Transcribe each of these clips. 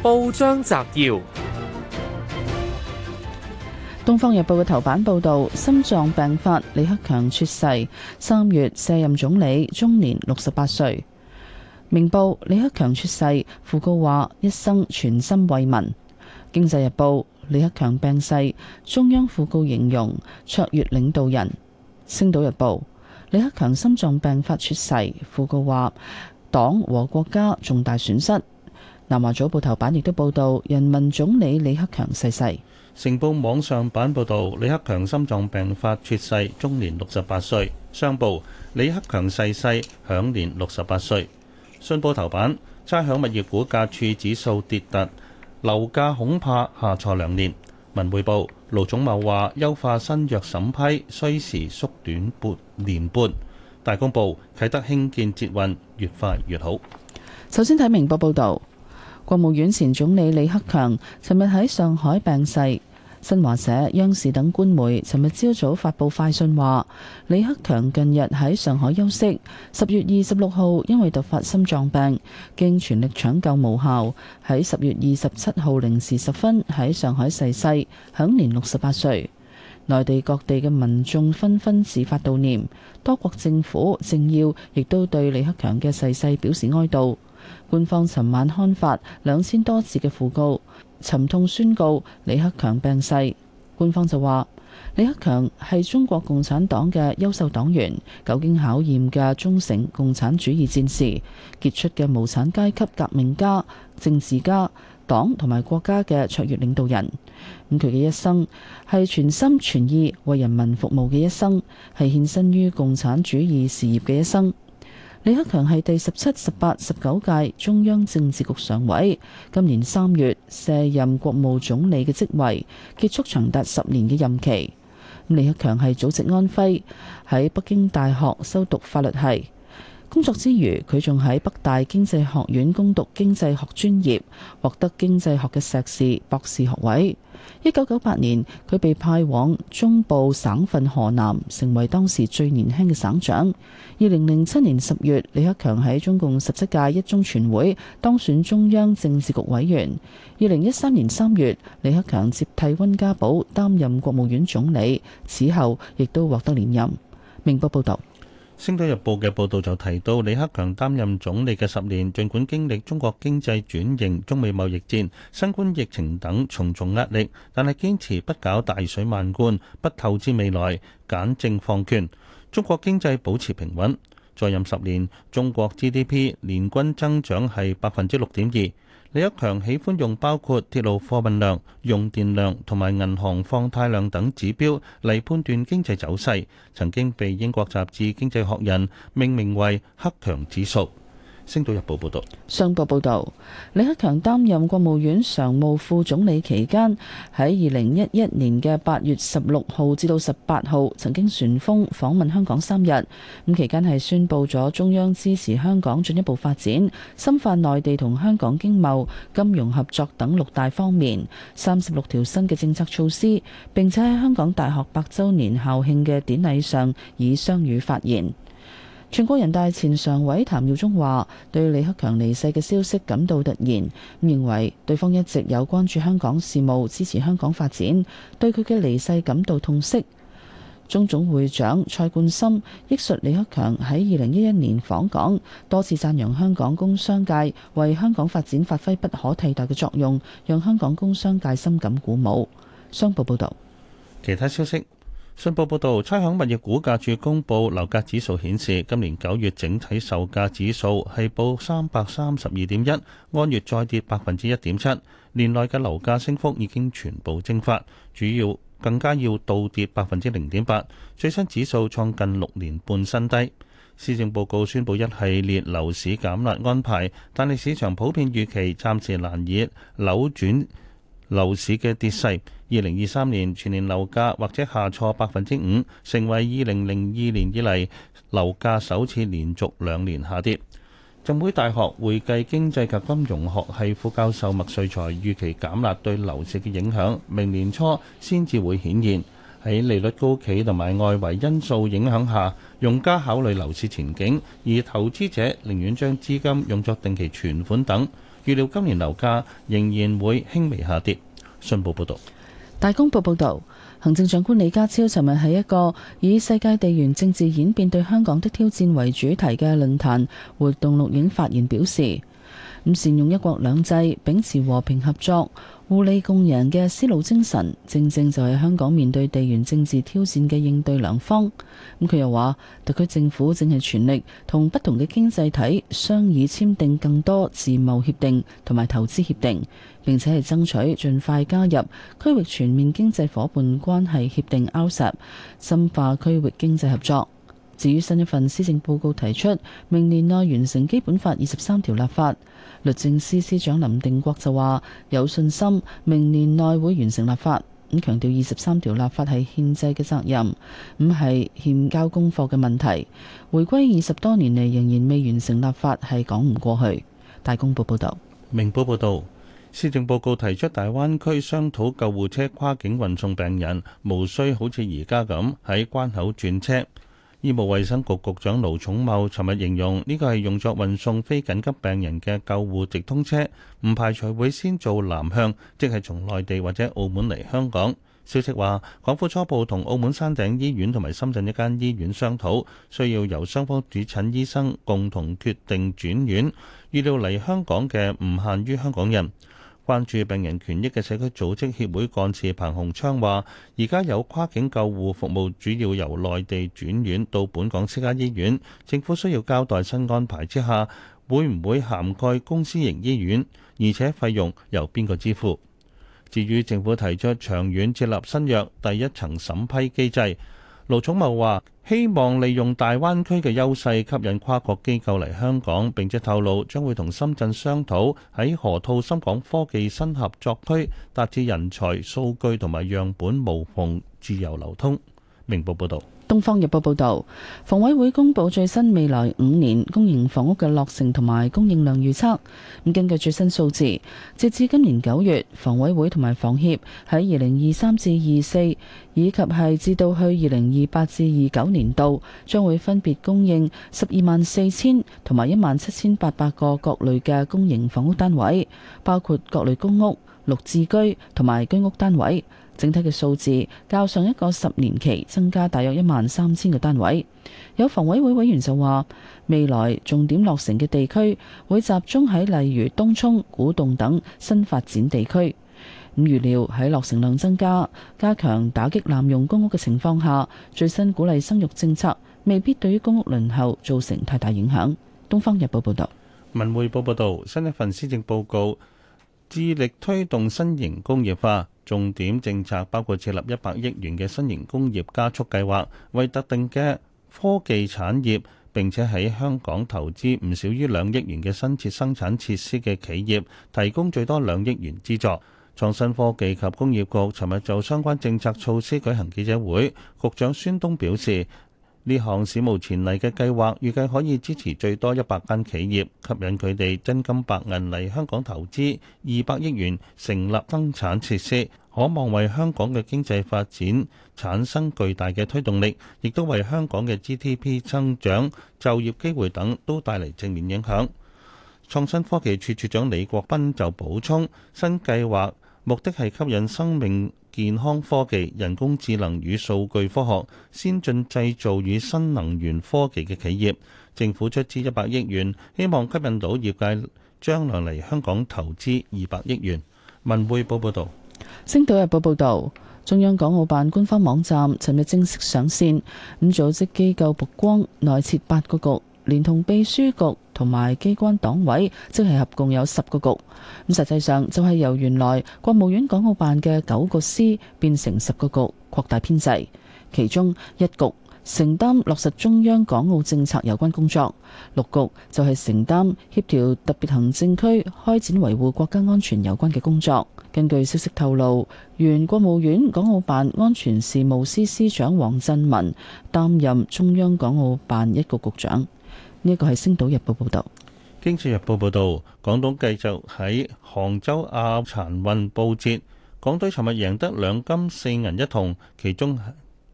報章摘要：東方日報嘅頭版報道，心臟病發，李克強去世。三月卸任總理，終年六十八歲。明報李克強去世，訃告話一生全心為民。經濟日報李克強病逝，中央訃告形容卓越領導人。星島日報李克強心臟病發去世，訃告話黨和國家重大損失。南華早報頭版亦都報道，人民總理李克強逝世。成報網上版報道李克強心臟病發猝逝，終年六十八歲。商報李克強逝世，享年六十八歲。信報頭版差餉物業估價署指數跌達，樓價恐怕下挫兩年。文匯報盧寵茂話，優化新藥審批需時縮短半年半。大公報啟德興建捷運越快越好。首先睇明報報道。國務院前總理李克強尋日喺上海病逝。新華社、央視等官媒尋日朝早發布快訊話，李克強近日喺上海休息。十月二十六號因為突發心臟病，經全力搶救無效，喺十月二十七號零時十分喺上海逝世，享年六十八歲。內地各地嘅民眾紛紛自發悼念，多國政府、政要亦都對李克強嘅逝世表示哀悼。官方尋晚刊發兩千多字嘅訃告，沉痛宣告李克強病逝。官方就話：李克強係中國共產黨嘅優秀黨員，久經考驗嘅忠誠共產主義戰士，傑出嘅無產階級革命家、政治家，黨同埋國家嘅卓越領導人。咁佢嘅一生係全心全意為人民服務嘅一生，係獻身於共產主義事業嘅一生。李克強係第十七、十八、十九屆中央政治局常委，今年三月卸任國務總理嘅職位，結束長達十年嘅任期。李克強係祖籍安徽，喺北京大學修讀法律系。工作之餘，佢仲喺北大經濟學院攻讀經濟學專業，獲得經濟學嘅碩士、博士學位。一九九八年，佢被派往中部省份河南，成為當時最年輕嘅省長。二零零七年十月，李克強喺中共十七屆一中全會當選中央政治局委員。二零一三年三月，李克強接替温家寶擔任國務院總理，此後亦都獲得連任。明報報道。《星島日報》嘅報道就提到，李克強擔任總理嘅十年，盡管經歷中國經濟轉型、中美貿易戰、新冠疫情等重重壓力，但係堅持不搞大水漫灌，不透支未來，簡政放權，中國經濟保持平穩。在任十年，中國 GDP 年均增長係百分之六點二。李克強喜歡用包括鐵路貨運量、用電量同埋銀行放貸量等指標嚟判斷經濟走勢，曾經被英國雜誌《經濟學人》命名為克強指數。星島日報報道，商報報道，李克強擔任國務院常務副總理期間，喺二零一一年嘅八月十六號至到十八號，曾經旋風訪問香港三日。咁期間係宣佈咗中央支持香港進一步發展、深化內地同香港經貿金融合作等六大方面三十六條新嘅政策措施。並且喺香港大學百週年校慶嘅典禮上，以雙語發言。全國人大前常委譚耀宗話，對李克強離世嘅消息感到突然，認為對方一直有關注香港事務，支持香港發展，對佢嘅離世感到痛惜。中總會長蔡冠深憶述李克強喺二零一一年訪港，多次讚揚香港工商界為香港發展發揮不可替代嘅作用，讓香港工商界深感鼓舞。商報報道，其他消息。信報報導，差餉物業估價署公布樓價指數顯示，今年九月整體售價指數係報三百三十二點一，按月再跌百分之一點七，年內嘅樓價升幅已經全部蒸發，主要更加要倒跌百分之零點八，最新指數創近六年半新低。施政報告宣布一系列樓市減壓安排，但係市場普遍預期暫時難以扭轉樓市嘅跌勢。二零二三年全年樓價或者下挫百分之五，成為二零零二年以嚟樓價首次連續兩年下跌。浸會大學會計經濟及金融學系副教授麥萃才預期減壓對樓市嘅影響明年初先至會顯現。喺利率高企同埋外圍因素影響下，用家考慮樓市前景，而投資者寧願將資金用作定期存款等，預料今年樓價仍然會輕微下跌。信報報道。大公報報導，行政長官李家超尋日喺一個以世界地緣政治演變對香港的挑戰為主題嘅論壇活動，錄影發言表示。咁善用一國兩制，秉持和平合作、互利共贏嘅思路精神，正正就係香港面對地緣政治挑戰嘅應對良方。咁佢又話，特區政府正係全力同不同嘅經濟體商議簽訂更多自貿協定同埋投資協定，並且係爭取盡快加入區域全面經濟夥伴關係協定，o s 勾實深化區域經濟合作。至於新一份施政報告提出，明年內完成基本法二十三條立法，律政司司長林定國就話有信心，明年內會完成立法。咁強調二十三條立法係憲制嘅責任，唔係欠交功課嘅問題。回歸二十多年嚟，仍然未完成立法係講唔過去。大公報報道：「明報報道，施政報告提出，大灣區商討救護車跨境運送病人，無需好似而家咁喺關口轉車。醫務衛生局局長盧寵茂尋日形容呢個係用作運送非緊急病人嘅救護直通車，唔排除會先做南向，即係從內地或者澳門嚟香港。消息話，港府初步同澳門山頂醫院同埋深圳一間醫院商討，需要由雙方主診醫生共同決定轉院。預料嚟香港嘅唔限於香港人。關注病人權益嘅社區組織協會幹事彭洪昌話，而家有跨境救護服務，主要由內地轉院到本港私家醫院。政府需要交代新安排之下，會唔會涵蓋公私營醫院，而且費用由邊個支付？至於政府提出長遠設立新藥第一層審批機制。盧寵茂話：希望利用大灣區嘅優勢，吸引跨國機構嚟香港，並且透露將會同深圳商討喺河套深港科技新合作區達至人才、數據同埋樣本無縫自由流通。明報報道，東方日報報道，房委會公布最新未來五年公營房屋嘅落成同埋供應量預測。咁根據最新數字，截至今年九月，房委會同埋房協喺二零二三至二四，以及係至到去二零二八至二九年度，將會分別供應十二萬四千同埋一萬七千八百個各類嘅公營房屋單位，包括各類公屋、綠置居同埋居屋單位。整體嘅數字較上一個十年期增加大約一萬三千個單位。有房委會委員就話：未來重點落成嘅地區會集中喺例如東涌、古洞等新發展地區。預料喺落成量增加、加強打擊濫用公屋嘅情況下，最新鼓勵生育政策未必對於公屋輪候造成太大影響。《東方日報》報道，《文匯報》報道，新一份施政報告。致力推動新型工業化，重點政策包括設立一百億元嘅新型工業加速計劃，為特定嘅科技產業，並且喺香港投資唔少於兩億元嘅新設生產設施嘅企業，提供最多兩億元資助。創新科技及工業局尋日就相關政策措施舉行記者會，局長孫東表示：呢項史無前例嘅計劃，預計可以支持最多一百間企業，吸引佢哋真金白銀嚟香港投資二百億元，成立生產設施，可望為香港嘅經濟發展產生巨大嘅推動力，亦都為香港嘅 GDP 增長、就業機會等都帶嚟正面影響。創新科技處處長李國斌就補充，新計劃目的係吸引生命健康科技、人工智能與數據科學、先進製造與新能源科技嘅企業，政府出資一百億元，希望吸引到業界將來嚟香港投資二百億元。文匯報報道，星島日報報道，中央港澳辦官方網站尋日正式上線，咁組織機構曝光，內設八個局，連同秘書局。同埋機關黨委，即係合共有十個局。咁實際上就係由原來國務院港澳辦嘅九個司變成十個局，擴大編制。其中一局承擔落實中央港澳政策有關工作，六局就係承擔協調特別行政區開展維護國家安全有關嘅工作。根據消息透露，原國務院港澳辦安全事務司司，司長王振文擔任中央港澳辦一局局長。呢一個係《星島日報》報道，《經濟日報》報道，港東繼續喺杭州亞殘運報捷，港隊尋日贏得兩金四銀一銅。其中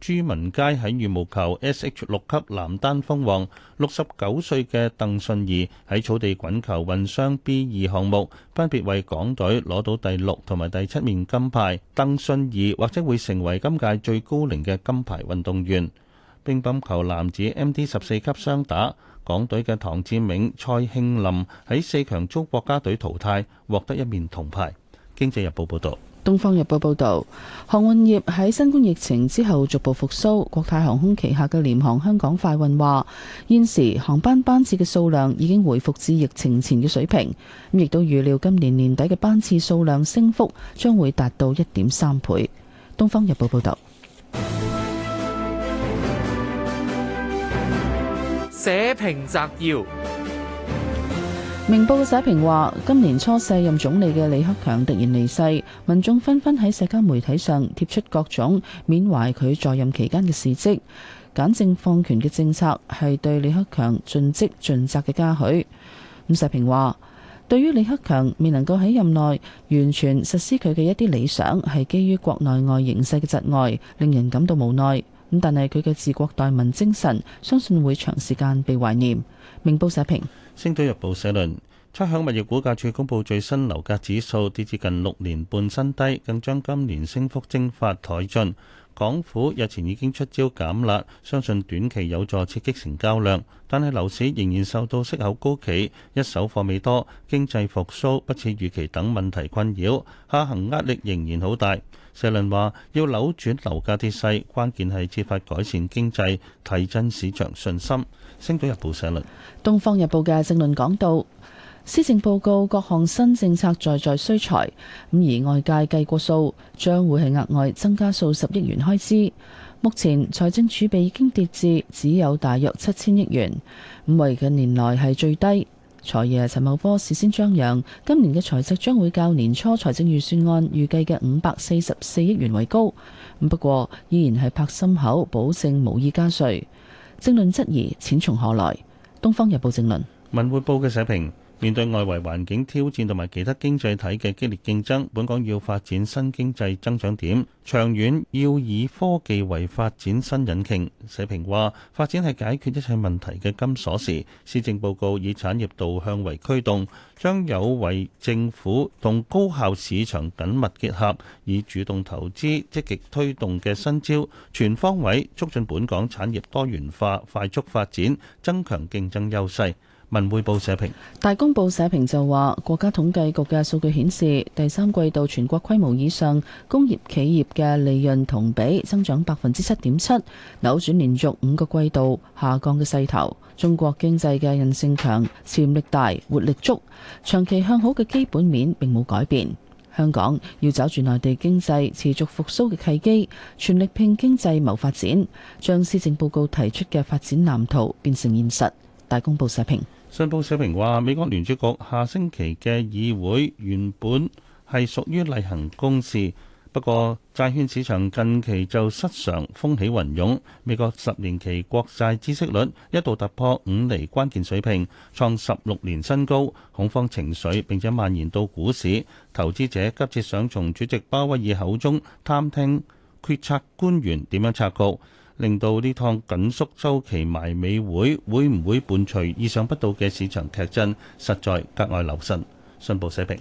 朱文佳喺羽毛球 S H 六級男單封王，六十九歲嘅鄧信儀喺草地滾球混雙 B 二項目，分別為港隊攞到第六同埋第七面金牌。鄧信儀或者會成為今屆最高齡嘅金牌運動員。乒乓球男子 M D 十四級雙打。港隊嘅唐志銘、蔡慶林喺四強遭國家隊淘汰，獲得一面銅牌。經濟日報報道，東方日報報道，航運業喺新冠疫情之後逐步復蘇。國泰航空旗下嘅廉航香港快運話，現時航班班次嘅數量已經回復至疫情前嘅水平，亦都預料今年年底嘅班次數量升幅將會達到一點三倍。東方日報報道。社評摘要：明報嘅社評話，今年初卸任總理嘅李克強突然離世，民眾紛紛喺社交媒體上貼出各種緬懷佢在任期間嘅事蹟。簡政放權嘅政策係對李克強盡職盡責嘅嘉許。咁社評話，對於李克強未能夠喺任內完全實施佢嘅一啲理想，係基於國內外形勢嘅窒礙，令人感到無奈。但係佢嘅治國待民精神，相信會長時間被懷念。明報社評，星島日報社論：差餉物業估價署公布最新樓價指數跌至近六年半新低，更將今年升幅蒸發殆盡。港府日前已經出招減辣，相信短期有助刺激成交量，但係樓市仍然受到息口高企、一手貨未多、經濟復甦不似預期等問題困擾，下行壓力仍然好大。社論話要扭轉樓價跌勢，關鍵係設法改善經濟，提振市場信心。《星島日報》社論，《東方日報》嘅政論講到，施政報告各項新政策在在需財，咁而外界計過數，將會係額外增加數十億元開支。目前財政儲備已經跌至只有大約七千億元，咁為近年來係最低。財爺陳茂波事先張揚，今年嘅財赤將會較年初財政預算案預計嘅五百四十四億元為高，不過依然係拍心口保證無意加稅。政論質疑錢從何來？東方日報正論、文匯報嘅社評。面對外圍環境挑戰同埋其他經濟體嘅激烈競爭，本港要發展新經濟增長點，長遠要以科技為發展新引擎。社評話：發展係解決一切問題嘅金鎖匙。施政報告以產業導向為驅動，將有為政府同高效市場緊密結合，以主動投資積極推動嘅新招，全方位促進本港產業多元化、快速發展，增強競爭優勢。文社大公報社評就話，國家統計局嘅數據顯示，第三季度全國規模以上工業企業嘅利潤同比增長百分之七點七，扭轉連續五個季度下降嘅勢頭。中國經濟嘅韌性強、潛力大、活力足，長期向好嘅基本面並冇改變。香港要抓住內地經濟持續復蘇嘅契機，全力拼經濟謀發展，將施政報告提出嘅發展藍圖變成現實。大公報社評。信報社評話，美國聯儲局下星期嘅議會原本係屬於例行公事，不過債券市場近期就失常風起雲湧，美國十年期國債孳息率一度突破五厘關鍵水平，創十六年新高，恐慌情緒並且蔓延到股市，投資者急切想從主席鮑威爾口中探聽決策官員點樣策局。令到呢趟緊縮周期埋尾會會唔會伴隨意想不到嘅市場劇震，實在格外留神。信報社評。